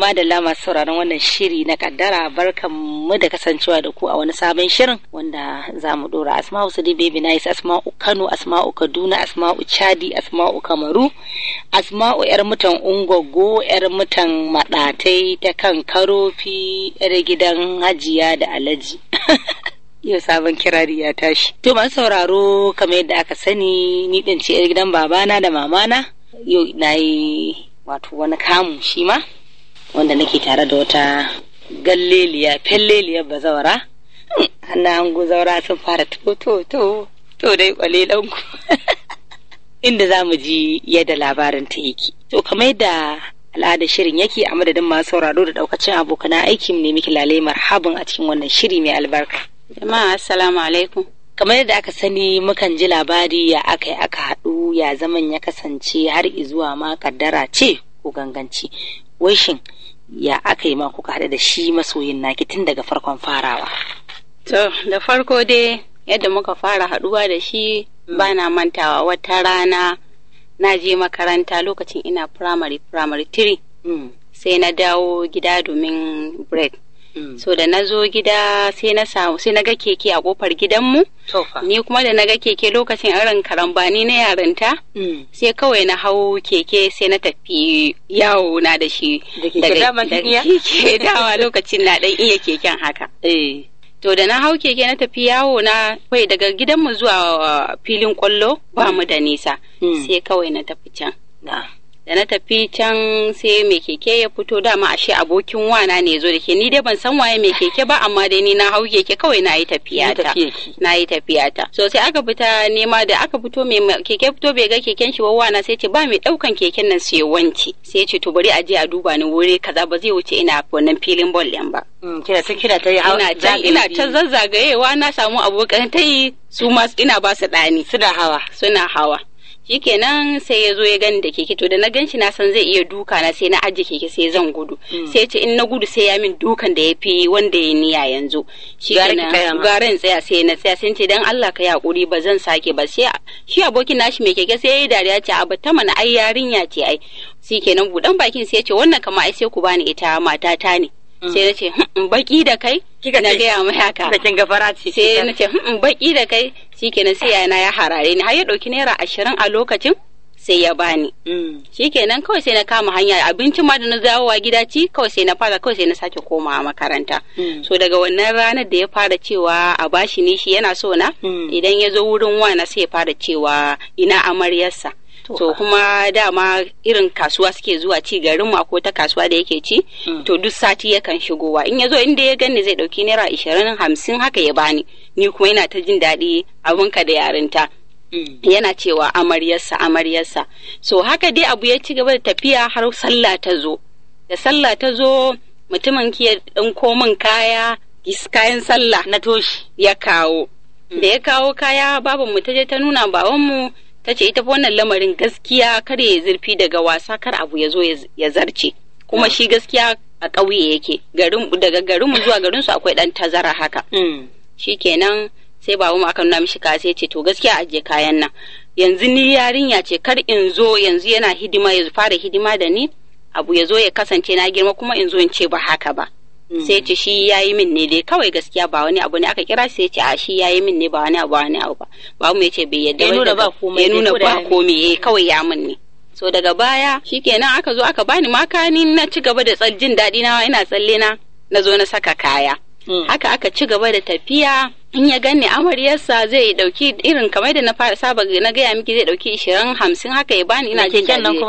madalla masu sauraron wannan shiri na kaddara barkan mu da kasancewa da ku a wani sabon shirin wanda za mu dora asma'u su baby nice asma'u kano asma'u kaduna asma'u chadi asma'u kamaru asma'u yar mutan ungogo yar mutan madatai ta kan karofi yar gidan hajiya da alaji Iyo sabon kirari ya tashi to masu sauraro kamar yadda aka sani ni din ce yar gidan babana da mamana yau na yi wato wani kamun shi ma wanda nake tare da wata galleliya felleliyar bazawara hannayen guzaura sun fara to to to to dai kwalilan ku inda za mu ji yadda labarin ta yake to kamar yadda al'adar shirin yake a madadin masu sauraro da ɗaukacin abokan aikin ne miki lalai marhabin a cikin wannan shiri mai albarka jama'a assalamu alaikum kamar yadda aka sani mukan ji labari ya aka yi aka haɗu ya zaman ya kasance har izuwa ma kaddara ce ko ganganci wai shin ya aka yi ma kuka haɗu da shi masoyin naki tun daga farkon farawa To, da farko dai yadda muka fara haɗuwa da shi mm. ba na mantawa wata rana na je makaranta lokacin ina primary primary three. Mm. Sai na dawo gida domin break. Mm. So da na zo gida sai na samu sai na ga keke a kofar gidanmu. Ni kuma da na ga keke lokacin irin karambani na yarinta. Sai kawai na hau keke sai na tafi yawo na da shi. Da keke dama lokacin na dan iya keken haka. Eh. to da na hau keke na tafi yawo na kai daga gidanmu zuwa uh, filin kwallo ba mu da nisa hmm. sai kawai na tafi can ah. da na tafi can sai mai keke ya fito dama ashe abokin wana ne zo da ke ni dai ban san waye mai keke ba amma dai ni na hau keke kawai na yi tafiya ta na yi tafiya ta so sai aka fita nema da aka fito mai keke fito bai ga keken shi ba wana sai ce ba mai daukan keken nan sai wanci sai ce to bari a je a duba ni wuri kaza ba zai wuce ina wannan filin ball din ba mm, kina ta kina ta yi ina ta zazzagayewa na samu abokan ta yi su ma ina ba su dani suna hawa suna hawa shikenan sai ya zo ya gani da keke to da na ganshi na san zai iya duka na sai na ajiye keke sai zan gudu mm. sai ce in na gudu sai ya min dukan da ya fi wanda ya niya yanzu shikenan gara in tsaya sai na tsaya sai ce dan Allah ka hakuri ba zan sake ba sai shi abokin nashi mai keke sai ya yi dariya ce abu ta mana ai yarinya ce ai shikenan budan bakin sai ya ce wannan kama ai sai ku bani ita matata ne mm. sai na ce baki da kai na gaya mai haka sai na ce baki da kai kenan sai yana ya harare ni har ya ɗauki naira ashirin a lokacin sai ya bani mm. shi kenan kawai sai na kama hanya abinci ma da na zawowa gida ci kawai sai na fara kawai sai na sake komawa makaranta mm. so daga wannan ranar da ya fara cewa a bashi ne shi yana so na mm. idan ya zo wurin wana sai ya fara cewa ina amaryarsa to kuma dama irin kasuwa suke zuwa ci garin ko ta kasuwa da yake ci mm. to duk sati yakan shigowa in ya zo inda ya ganni zai dauki naira ishirin hamsin haka ya bani ni kuma yana ta jin daɗi abinka da yarinta mm. yana cewa amaryarsa amaryarsa so haka dai abu ya ci gaba da tafiya har sallah ta zo da sallah ta zo mutumin ki ya ɗinko min kaya kayan sallah na toshi ya kawo mm. da ya kawo kaya babanmu ta je ta nuna babanmu ta ce ita wannan lamarin gaskiya kar ya zurfi daga wasa kar abu ya zo ya zarce kuma mm. shi gaskiya a ƙauye yake daga garinmu zuwa garin su akwai ɗan tazara haka mm. shi kenan sai babu mu aka nuna mishi ka sai ce to gaskiya ajiye kayan nan yanzu ni yarinya ce kar in zo yanzu yana hidima ya fara hidima da ni abu ya zo ya kasance na girma kuma in zo in ce ba haka ba Mm. sai ce shi yayi min ne dai kawai gaskiya ba wani abu ne aka kira sai ce a shi yayi min ne ba wani abu wani abu ba ba mu yace bai yadda ya nuna ba komai ya nuna ba komai eh, kawai ya min ne so daga baya shikenan aka zo aka bani makani na ci gaba da jin daɗi na ina tsalle na na zo na saka kaya mm. haka aka ci gaba da tafiya in ya ganni amaryarsa zai dauki irin kamar da na fara saba na gaya miki zai dauki ishirin hamsin haka ya bani ina jin daɗi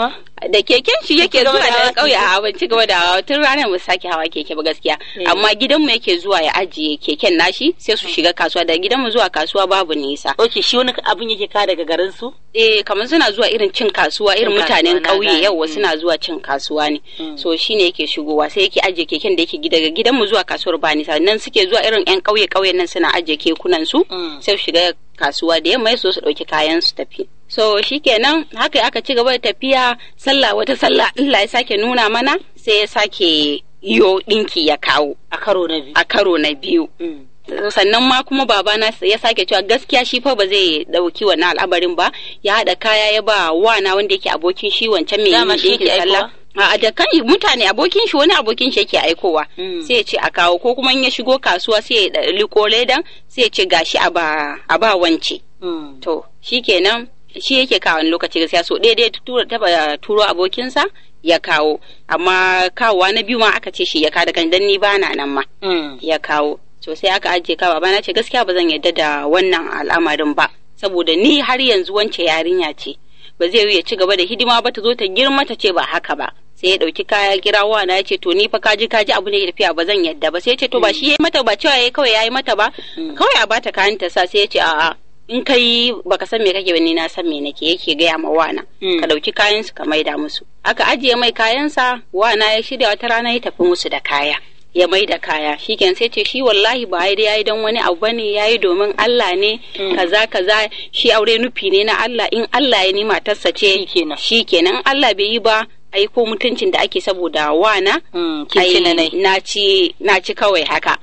da keken shi yake zuwa da kauye a ban ci gaba da tun ranar mu sake hawa keke ba gaskiya eh. amma gidan mu yake zuwa ya ajiye keken nashi sai su eh. shiga kasuwa da gidan mu zuwa kasuwa babu nisa oke shi wani abin yake ka daga garin su eh kamar suna zuwa irin cin kasuwa irin mutanen kauye yawa mm. suna zuwa cin kasuwa ne mm. so shine yake shigowa sai yake ajiye keken da yake daga gidan mu zuwa kasuwar ba nisa nan suke zuwa irin yan kauye kauyen nan suna ajiye kekunan su mm. sai su shiga kasuwa da yamma so su ɗauki kayan su tafi. So shikenan haka aka ci gaba da tafiya sallah wata sallah Allah ya sake nuna mana sai ya sake yo dinki ya kawo. A karo na biyu. A karo na biyu. Mm. sannan ma kuma babana ya sake cewa gaskiya shi fa ba zai dauki wannan al'amarin ba ya haɗa kaya ya ba wana wanda yake abokin shi wancan mai yin dinkin sallah a da kai mutane abokin shi wani abokin shi yake aikowa hmm. sai ya ce a kawo ko kuma in ya shigo kasuwa sai ya eh, liko ledan sai ya ce gashi a ba wance hmm. to shikenan shi yake kawo wani lokaci gaskiya so daidai tura taba turo abokinsa ya kawo amma kawowa na biyu ma aka ce shi ya da kan dan ni bana nan ma hmm. ya kawo to sai aka ajiye kawo bana ce gaskiya ba zan yarda da wannan al'amarin ba saboda ni har yanzu wance yarinya ce ba zai yi ya ci gaba da hidima ba ta zo ta girma ta ce ba haka ba sai ya dauki kaya kira wana ya ce to ni fa kaji kaji abu ne ya tafiya ba zan yadda ba sai ya ce to ba shi yayi mata ba cewa yayi kawai yayi mata ba mm. kawai a bata kayan ta sa sai ya ce a'a in kai baka san me kake ba ni na san me nake yake gaya ma wana mm. ka dauki kayan su ka maida musu aka ajiye mai kayan sa wana ya shirya wata rana ya tafi musu da kaya ya mai da kaya shikenan sai ce shi wallahi ba ya yayi don wani abu bane yayi domin Allah ne mm. kaza kaza shi aure nufi ne na Allah in Allah ya ni matarsa ce shikenan Allah bai yi ba ai ko mutuncin da ake saboda wana na mm, na ci kawai haka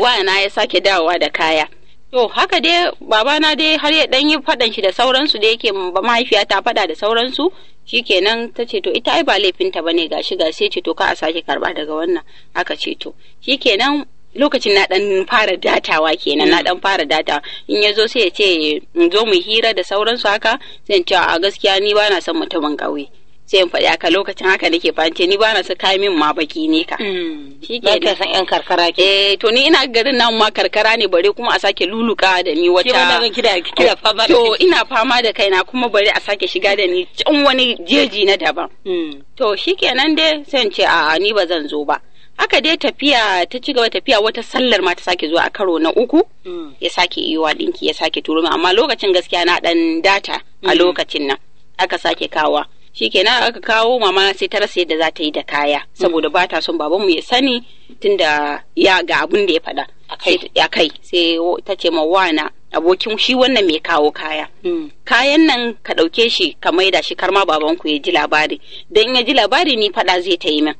wana ya sake dawowa da kaya To haka dai babana dai har ya dan yi fadan shi da sauransu da yake ba mahaifiya ta fada da sauransu shikenan ta ce to ita ai ba laifinta bane gashi ga sai ce to ka a sake karba daga wannan aka ce to shikenan lokacin na dan fara datawa kenan na dan fara data in ya zo sai ya ce in zo mu hira da sauransu haka sai in ce a gaskiya ni ba na son mutumin ƙauye sai in faɗi aka lokacin haka nake fahimce ni ba na su kai min ma baki ne ka. Mm. Shi ke da san yan karkara ke. Eh to ni ina garin nan ma karkara ne bare kuma a sake luluka da ni wata. Kira wannan kida kira oh, fama. To ina fama da kaina kuma bare a sake shiga da ni can wani jeji na daban. Mm. To shi ke nan dai sai in ce a'a ni ba zan zo ba. Aka dai tafiya ta ci gaba tafiya wata sallar ma ta sake zuwa a karo na uku mm. ya sake wa ɗinki ya sake turo amma lokacin gaskiya na ɗan data a lokacin nan aka sake kawa. shikenan aka kawo mama sai ta rasa yadda za ta yi da kaya saboda ba ta son babanmu ya sani tunda ya ga abun da ya faɗa a kai sai ta ce ma wana abokin shi wannan mai kawo kaya hmm. kayan nan ka ɗauke shi ka maida shi karma babanku ya ji labari don ya ji labari ni faɗa zai ta yi min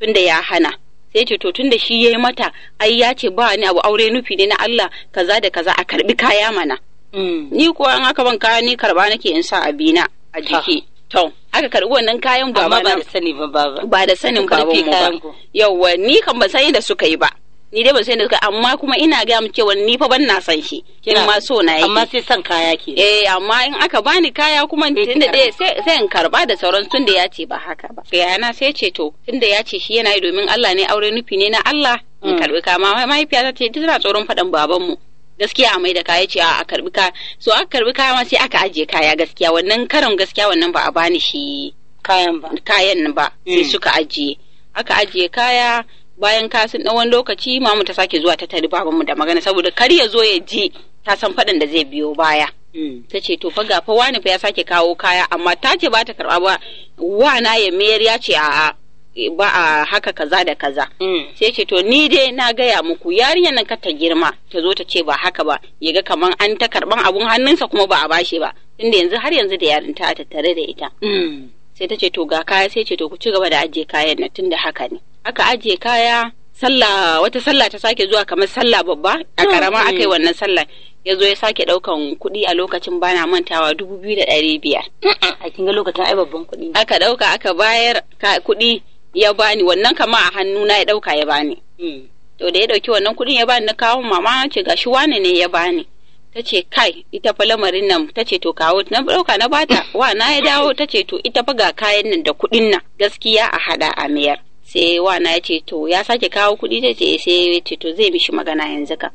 tunda ya hana sai ce to tunda shi ya yi mata ai ya ce ba ni abu aure nufi ne na Allah kaza da kaza a karbi kaya mana hmm. ni kuwa in aka ban kaya ni karba nake in sa abina a jiki To, aka karɓi wannan kayan baba Amma ba da sani ba ba. Ba da sanin ba ba. Yawwa, ni kan ba san da suka yi ba. Ni dai ba san da suka amma kuma ina ga mu cewa ni fa ban na san shi. In ma so na yake. Amma sai san kaya ke. Eh, amma in aka bani kaya kuma tunda dai sai sai in karba da sauran tunda ya ce ba haka ba. Ga na sai ce to tunda ya ce shi yana yi domin Allah ne aure nufi ne na Allah. In mm. karɓi kama mahaifiya ta ce tana tsoron faɗan babanmu. gaskiya mai da kaya ce a karbi kaya so aka karbi kaya ma sai aka ajiye kaya gaskiya wannan karon gaskiya wannan ba a bani shi kayan ba kayan ba sai mm. suka ajiye aka ajiye kaya bayan kasin ɗan wani lokaci mamu ta sake zuwa ta tari mu da magana saboda kar ya zo ya ji ta san faɗin da zai biyo baya mm. ta ce to fa ga fa wani fa ya sake kawo kaya amma ta ce ba ta karɓa ba wana ya mayar ya ce a'a ba a haka kaza da kaza mm. sai ce to ni dai na gaya muku yarinyar nan ta girma ta zo ta ce ba haka ba ya ga kaman an ta karban abun hannunsa kuma ba a bashi ba tunda yanzu har yanzu da yarinta a tattare da ita mm. sai ta ce to ga kaya sai ce to ku ci gaba da ajiye kayan nan tunda haka ne aka ajiye kaya sallah wata sallah ta sake zuwa kamar sallah babba a mm. karama aka yi wannan sallah ya zo ya sake daukan kuɗi a lokacin bana mantawa dubu biyu da ɗari biyar. A kin ga lokacin ai babban kuɗi. Aka dauka aka bayar kuɗi ya bani wannan kama a hannu na ya ɗauka ya bani. Hmm. To da ya ɗauki wannan kudin ya bani na kawo mama ce gashi wane ne ya bani. Ta ce kai ita fa lamarin nan ta ce to kawo na ɗauka na bata wa na ya dawo ta ce to ita fa ga kayan nan da kuɗin nan gaskiya a haɗa a miyar. Sai wa na ya ce to ya sake kawo kuɗi ta ce sai ya ce to zai mishi magana yanzu ka.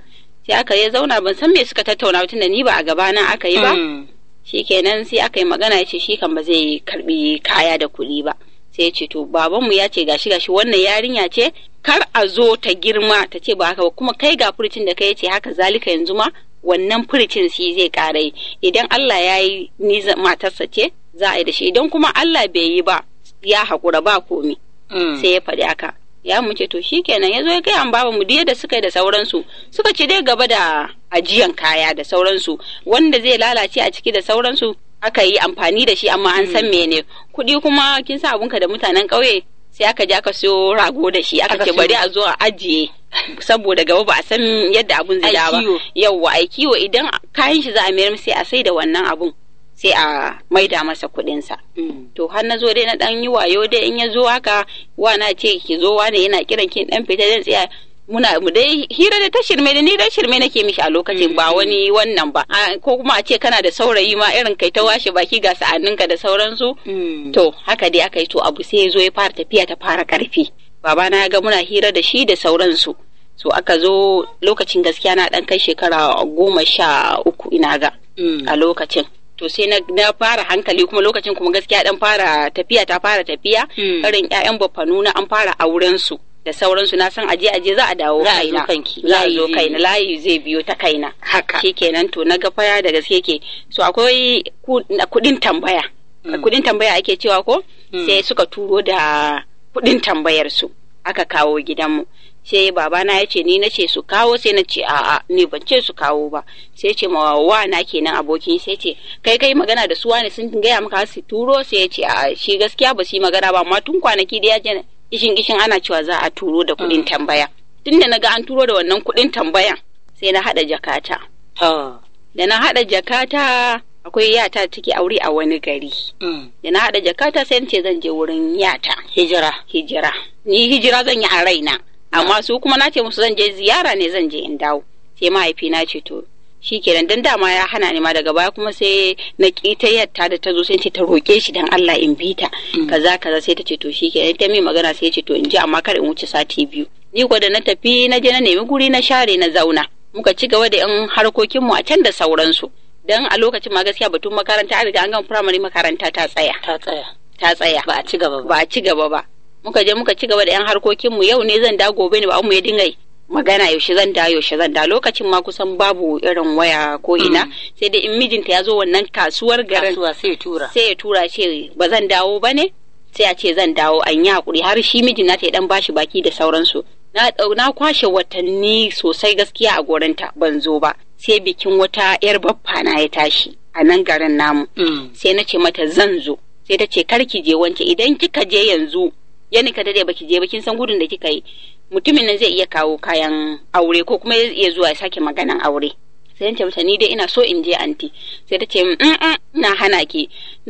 Sai aka ya zauna ban san me suka tattauna tunda ni ba a na aka yi ba. Hmm. Shikenan sai aka yi magana ya ce shi kan ba zai karbi kaya da kuɗi ba. sai ya ce to babanmu ya ce gashi gashi wannan yarinya ce kar a zo ta girma ta ce ba haka ba kuma kai ga furicin da kai ce haka zalika yanzu ma wannan furicin shi zai ƙara yi idan Allah ya yi ni matarsa ce za a yi da shi idan kuma Allah bai yi ba ya haƙura ba komi mm. sai ya faɗi haka ya mu ce to shikenan ya zo ya kai baba mu diya da suka yi da sauransu suka ci dai gaba da ajiyan kaya da sauransu wanda zai lalace a ciki da sauransu aka yi amfani da shi amma an san hmm. mene kuɗi kuma kin sa abunka da mutanen ƙauye sai aka je aka siyo rago da shi aka ce bari a zo a ajiye saboda gaba ba a san yadda abun zai dawo yawwa ai kiwo idan kayan shi za a mayar sai a sai da wannan abun sai a maida masa kuɗinsa. Hmm. To har na zo dai na ɗan yi wayo dai in ya zo haka wa na ce ki zo ne yana kiran kin ɗan fita dan tsaya muna mu dai hira da ta shirme da ni da shirme nake mishi a lokacin ba mm. wani wannan ba ko kuma a ce kana da saurayi ma irin kai ta washe baki ga sa'anninka da sauransu mm. to haka dai aka yi to abu sai ya zo ya fara tafiya ta fara karfi babana ya ga muna hira da shi da sauransu so aka zo lokacin gaskiya na dan kai shekara goma sha uku ina ga mm. a lokacin to sai na, fara hankali kuma lokacin kuma gaskiya dan fara tafiya ta fara tafiya irin ƴaƴan bafanuna an fara auren su da sauransu na san aje aje za a dawo kaina za a zo kaina layi zai biyo ta kaina haka shikenan to na gafaya da gaske ke so akwai kudin tambaya mm. kudin tambaya ake cewa ko mm. sai suka turo da kudin tambayar su aka kawo gidanmu sai babana ya ce ni na ce su kawo sai na ce a'a ni ban ce su kawo ba sai ce ma wa na kenan abokin sai ce kai kai magana da su wani sun gaya maka su turo sai ce a'a shi gaskiya ba su yi magana ba amma tun kwanaki da ya kishin kishin ana cewa za a turo da kuɗin mm. tambaya tun da na ga an turo da wannan kuɗin tambayan sai na haɗa jakata da na haɗa jakata akwai yata take aure a wani gari mm. da na haɗa jakata sai ce zan je wurin yata hijira hijira ni hijira zan yi a raina amma su kuma na ce musu zan je ziyara ne zan je in dawo sai mahaifina ce to shi kenan dan dama ya hana ni ma daga baya kuma sai na ta yatta da ta zo sai ta roke shi dan Allah in bi ta mm. kaza kaza sai ta ce to shi kenan ta mai magana sai ya ce to in ji amma kar in wuce sati biyu ni gwada na tafi na je na nemi guri na share na zauna muka ci gaba da yan harkokinmu a can da sauransu dan a lokacin ma gaskiya batun makaranta an riga an gama firamare makaranta ta tsaya ta tsaya ta tsaya ba a ci gaba ba a ci gaba ba muka je muka ci gaba da yan mu yau ne zan da gobe ne ba mu ya dinga magana yaushe zan da yaushe zan da lokacin ma kusan babu irin waya ko ina mm. sai dai in mijinta ya zo wannan kasuwar garin kasuwa sai ya tura sai ya tura ce ba zan dawo ba ne sai a ce zan dawo an yi hakuri har shi mijin na ya dan bashi baki da sauransu na na kwashe watanni sosai gaskiya a gorinta ban zo ba sai bikin wata yar baffa na ya tashi a nan garin namu mm. sai na ce mata zan zo sai ta ce kar ki je wance idan kika je yanzu kada da dade baki je ba kin san gudun da kika yi mutumin nan zai iya kawo kayan aure ko kuma ya zuwa ya sake maganan aure sai nace mata ni dai ina so in je anti sai ta ce mm, mm, mm, na hana ki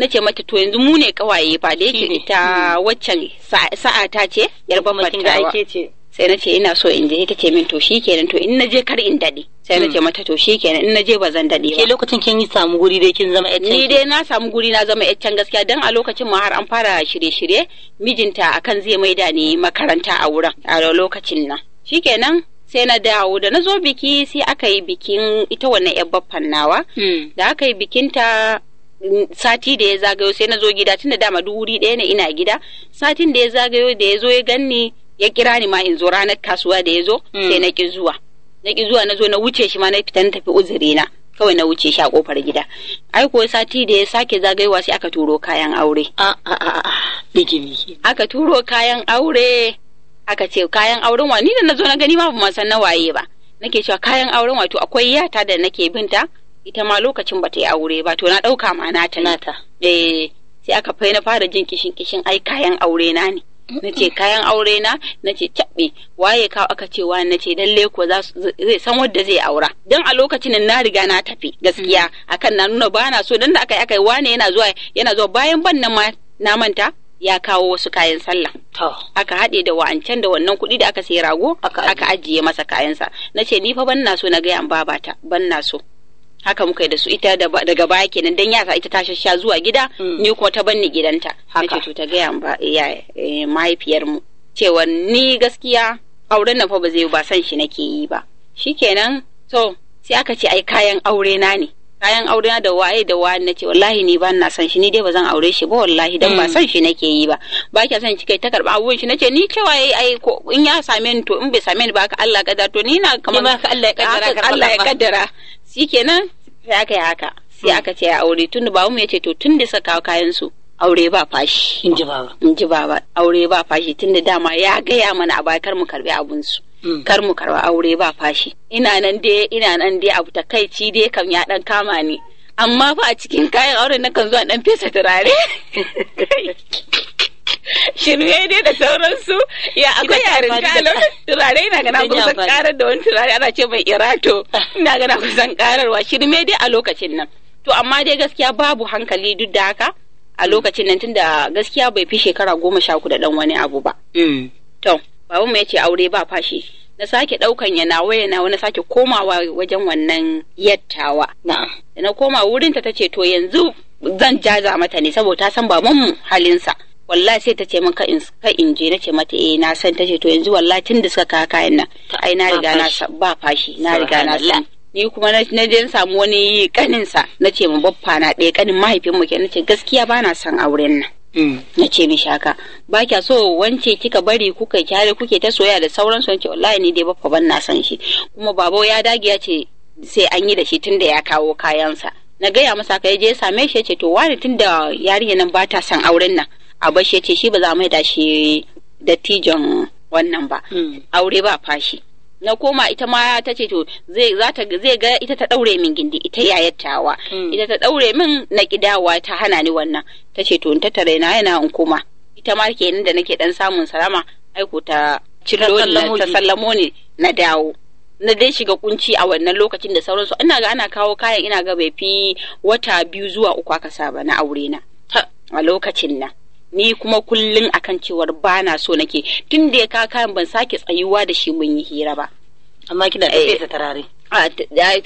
ce mata to yanzu mu ne kawaye fa da yake ita waccan sa'a ta ce yarba mutum da ake ce sai ce ina so in je ita ce min to shikenan to in na je kar in dade sai na ce hmm. mata to shikenan in na je ba zan dade ba ke lokacin kin yi samu guri dai kin zama yaccan ni dai na samu guri na zama yaccan gaskiya dan a lokacin ma har an fara shirye-shirye mijinta akan zai maida ni makaranta a wurin a lokacin nan shikenan sai na dawo da nazo zo biki sai aka yi bikin ita wannan yar baffan nawa hmm. da aka yi ta mm, sati da ya zagayo sai na zo gida tunda dama duk wuri ɗaya ne ina gida satin da ya zagayo da ya zo ya ganni ya kira ni ma in zo ranar kasuwa da ya zo hmm. sai na ki zuwa na ki zuwa na zo na wuce shi ma na fita na tafi uzuri na kawai na wuce shi a kofar gida ai ko sati da ya sake zagayowa sai aka turo kayan aure a a a bigimi aka turo kayan aure aka ce kayan auren wa ni da na zo na gani ma ban san na waye ba nake cewa kayan auren wato akwai yata da nake binta ita ma lokacin ba ta yi aure ba to na ɗauka ma nata nata eh sai aka fai na fara jin kishin kishin ai kayan aure na ne na ce kayan aure na na ce taɓe waye kawo aka ce wa na ce dan ko zai san wadda zai aura don a lokacin na riga na tafi gaskiya mm. akan na nuna bana so dan da aka aka yi wane yana zuwa yana zuwa bayan ban nan ma na manta ya kawo wasu kayan sallah aka haɗe da wa'ancan da wannan kuɗi da aka sayi rago aka ajiye masa kayansa na ce ni fa ban na so na gaya babata ban na so haka muka yi da su ita daga baya kenan dan yasa ita ta shasha zuwa gida mm. ni kuma ta banni gidanta haka to ta gaya ba eh, mahaifiyar mu cewa ni gaskiya auren nan fa ba zai ba san shi nake yi ba shikenan to sai aka ce ai kayan aure na ne kayan aure na da waye da waye na ce wallahi ni ba na san shi ni dai ba zan aure shi ba wallahi dan ba mm. san shi nake yi ba ba kya san kike ta karba abun shi nace ni cewa yayi ai in ya same ni to in bai same ni ba ka Allah kadar to ni na kamar ka Allah ya kaddara Allah ya kaddara shikenan sai aka yi haka sai hmm. aka ce ya aure tunda babanmu ya ce to tun da suka kawo kayan su aure ba fashi in ji baba in ji baba aure ba fashi tunda dama ya gaya mana a baya kar mu karbi abun su hmm. kar mu karba aure ba fashi ina nan dai ina nan dai abu takaici dai kam ya dan kama ni amma fa a cikin kayan auren na kan zuwa dan fesa turare shirme ne da sauransu ya akwai yarin kalo turare ina gana kusan karar da wani turare ana ce mai irato ina gana kusan kararwa shirme dai a lokacin nan to amma dai gaskiya babu hankali duk da haka a mm. lokacin nan tunda gaskiya bai fi shekara goma sha kuda dan wani abu ba mm. to babu mai yace aure ba fashi na sake ɗaukan ya na waya na na sake komawa wajen wannan yattawa na na koma wurinta ta ce to yanzu zan jaza mata ne saboda ta san babanmu halinsa wallahi sai ta ce min ka in ka in je nace mata eh na san tace to yanzu wallahi tun da suka kawo kayan nan ai na riga na ba fashi na riga na san ni kuma na je samu wani kanin sa nace min baffa na ɗaya kanin mahaifin mu ke nace gaskiya na son auren nan mm. na ce mishi haka ba kya so wance kika bari kuka kyare kuke ta soya da sauran su wance wallahi ni dai baffa ban na san shi kuma babo ya dage ya ce sai an yi da shi tun da ya kawo kayansa na gaya masa ka je same shi ya ce to wani tun da yarinya nan ba ta son auren nan a bashe ce shi ba za mai da shi dattijon wannan ba hmm. aure ba fashi na koma ita ma ta ce to zai ga ita ta ɗaure min gindi ita yayattawa hmm. ita ta daure min na kidawa ta hana ni wannan ta ce to ta tare na yana in koma ita ma kenan da nake dan samun salama aiko ta sallamo ni na dawo na dai shiga kunci a wannan lokacin da sauransu ina ga ana kawo kayan ina ga bai fi wata biyu zuwa uku aka saba na aure na a lokacin nan ni kuma kullum akan cewar ba na so nake tun da ya ka kayan ban sake tsayuwa da shi mun yi hira ba amma kina da eh. fesa tarare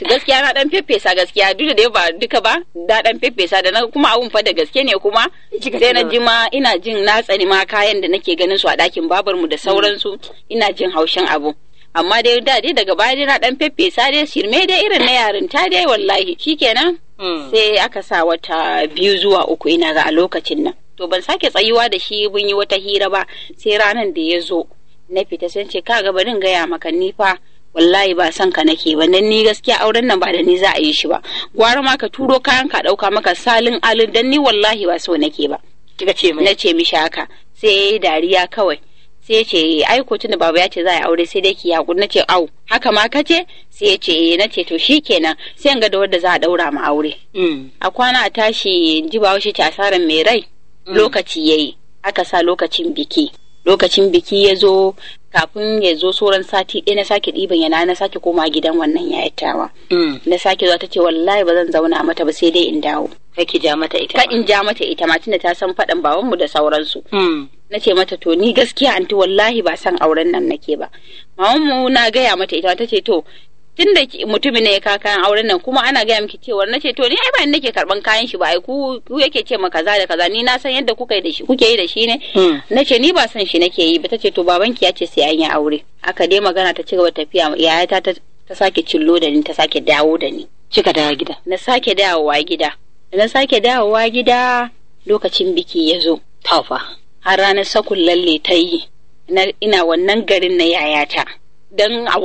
gaskiya na dan fefesa gaskiya duk da ba duka ba da dan fefesa da na kuma abun fa da gaske ne kuma sai na jima ina jin na tsani ma kayan da nake ganin su a dakin babar mu da sauransu ina jin haushin abu amma dai da dai daga baya dai na dan fefesa dai shirme dai irin na yarin ta dai wallahi shikenan hmm. sai aka sa wata biyu zuwa uku ina ga a lokacin nan to ban sake tsayuwa da shi mun yi wata hira ba sai ranar da ya zo na fita sai ce kaga barin gaya maka ni fa wallahi ba son ka nake ba dan ni gaskiya auren nan ba da ni za a yi shi ba gwara ma ka turo kayan ka dauka maka salin alin dan ni wallahi ba so nake ba kika ce mai nace mishi haka sai dariya kawai sai ce ai ko tunda baba ya ce za a aure sai dai ki hakuri nace au haka ma kace sai ce eh nace to shikenan sai in ga da wanda za a daura ma aure mm. a kwana a tashi ji ba washe ce asaran mai rai Mm. lokaci ya yi aka sa lokacin biki lokacin biki ya zo kafin ya zo sauran sati ɗaya eh, na sake ɗiban yana na sake koma gidan wannan ya yayatawa mm. na sake zuwa ta ce wallahi ba zan zauna mata ba sai dai in dawo ki ja mata ita ka in ja mata ita ma tunda ta san faɗan mu da sauransu mm. na ce mata to ni gaskiya anti wallahi ba san auren nan nake ba mu na gaya mata ita ta ce to tun da mutumin ne ya ka kayan auren nan kuma ana gaya miki cewa na ce to ni ai ba ni nake karban kayan shi ba ai ku ku yake ce ma kaza da kaza ni na san yadda kuka yi da shi kuke yi da shi ne hmm. na ce ni ba san shi nake yi ba ta ce to babanki ya ce sai an yi aure aka dai magana ta cigaba tafiya yayata ta ta sake cillo da ni ta sake dawo da ni Cika dawo gida na sake dawowa gida na sake dawowa gida lokacin biki ya zo tafa har ranar sakun lalle ta yi ina wannan garin na yayata dan a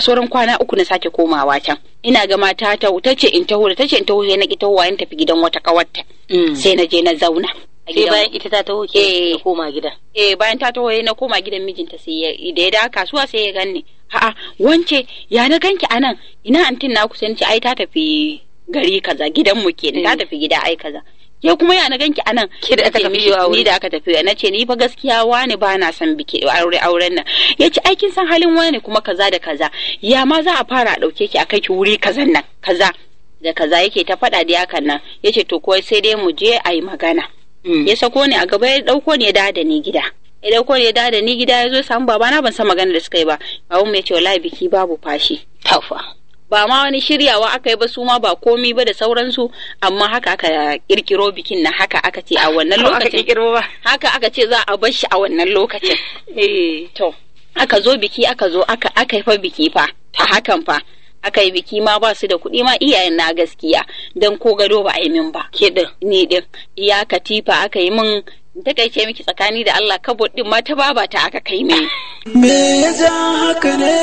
sauran kwana uku na sake komawa can ina ga mata ta ta ce in taho ta ce in taho sai na ki taho in tafi gidan wata kawarta mm. sai na je na zauna Ke bayan ita ta taho ke eh. koma gidan. eh bayan ta taho na koma gidan mijinta sai da ya da kasuwa sai ya ganni a'a wance ya na ganki anan ina antin na kusa ce ai ta tafi gari kaza gidan mu kenan ta eh. tafi gida ai kaza ke kuma ya na ganki anan ki da aka ni da aka tafi na ce ni fa gaskiya wani ba na son biki aure auren nan Ya ci aikin san halin wani kuma kaza da kaza ya ma za a fara a dauke ki kai ki wuri kazan nan kaza da kaza yake ta faɗa da yakan nan Ya ce to ko sai dai mu je a yi magana mm. ya sako ni a gaba ya dauko ni ya da ni gida ya dauko ni ya da ni gida ya zo samu babana ban san magana da suka yi ba mu ya ce wallahi biki babu fashi tafa ba ma wani shiryawa aka yi ba su ma ba komi ba da sauransu amma haka aka kirkiro bikin na haka aka ce a wannan lokacin haka aka ce za a bar shi a wannan lokacin eh. to aka zo biki aka zo aka aka fa biki fa a hakan fa aka yi biki ma ba su da kuɗi ma iyayen na gaskiya dan ko gado ba a yi min ba ke din ni din iya katifa aka yi min takaice miki tsakani da Allah kabod din ma ta babata aka kai me. me ya haka ne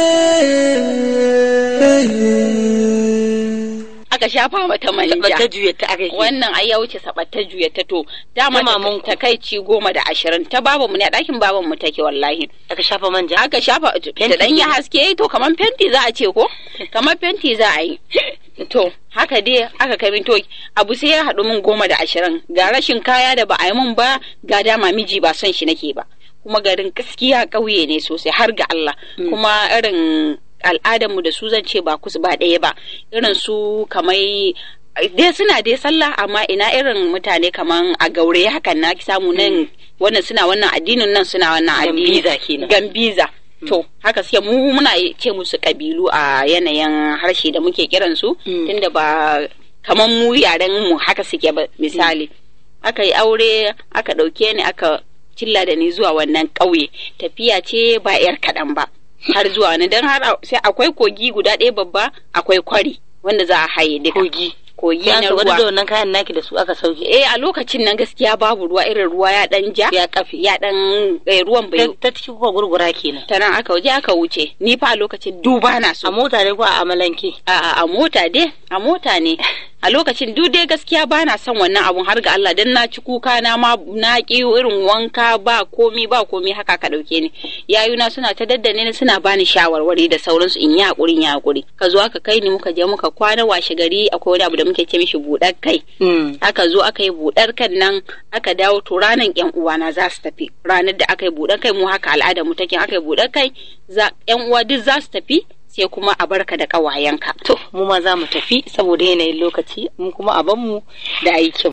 aka shafa mata manja sabatta juyatta aka yi wannan ai ya wuce sabatta ta to dama ta kai ci goma da ashirin ta babu mu ne a ɗakin baban mu take wallahi aka shafa manja aka shafa da dan ya haske eh to kamar fenti za a ce ko kamar fenti za a yi to haka dai aka kai to abu sai ya haɗu min goma da ashirin ga rashin kaya da ba a yi min ba ga dama miji ba son shi nake ba kuma garin gaskiya ƙauye ne sosai har ga Allah hmm. kuma irin Al'adar mu da su zan ce ba kusa ba ɗaya ba irin su kamai dai suna dai sallah amma ina irin mutane kaman a gaure hakan na samu nan mm. wannan suna wannan addinin nan suna wannan addinin gambiza gambiza mm. to haka suke mu muna ce musu kabilu a yanayin harshe da muke kiran su mm. tunda ba kaman mu yaren mu haka suke ba misali aka yi aure aka ɗauke ni aka cilla da ni zuwa wannan ƙauye tafiya ce ba 'yar kaɗan ba har zuwa wani don har sai akwai kogi guda ɗaya babba akwai kwari wanda za a haye duka kogi kogi na ruwa wanda wannan kayan naki da su aka sauke eh a lokacin nan gaskiya babu ruwa irin ruwa ya dan ja ya kafi ya dan eh, ruwan bai ta ciki ko gurgura kenan ta nan aka waje aka wuce ni fa a lokacin duba na so a mota ne ko a amalanke a a mota dai a mota ne a lokacin duk dai gaskiya ba na son wannan abun har ga Allah dan na ci kuka na ma na ki irin wanka ba komi ba komi haka ka dauke ni yayuna suna ta daddane ni suna bani shawarwari da sauransu in yi hakurin ya hakuri ka zo aka kai ni muka je muka kwana washe gari akwai wani abu da muke ce mishi budar kai hmm. aka zo aka yi budar kan nan aka dawo to ranan yan uwana za su tafi ranar da aka yi budar kai mu haka al'ada mu take aka yi budar kai yan uwa duk za su tafi sai kuma a barka da kawayenka. to mu ma za mu tafi saboda yanayin lokaci mu kuma a ban mu da aikin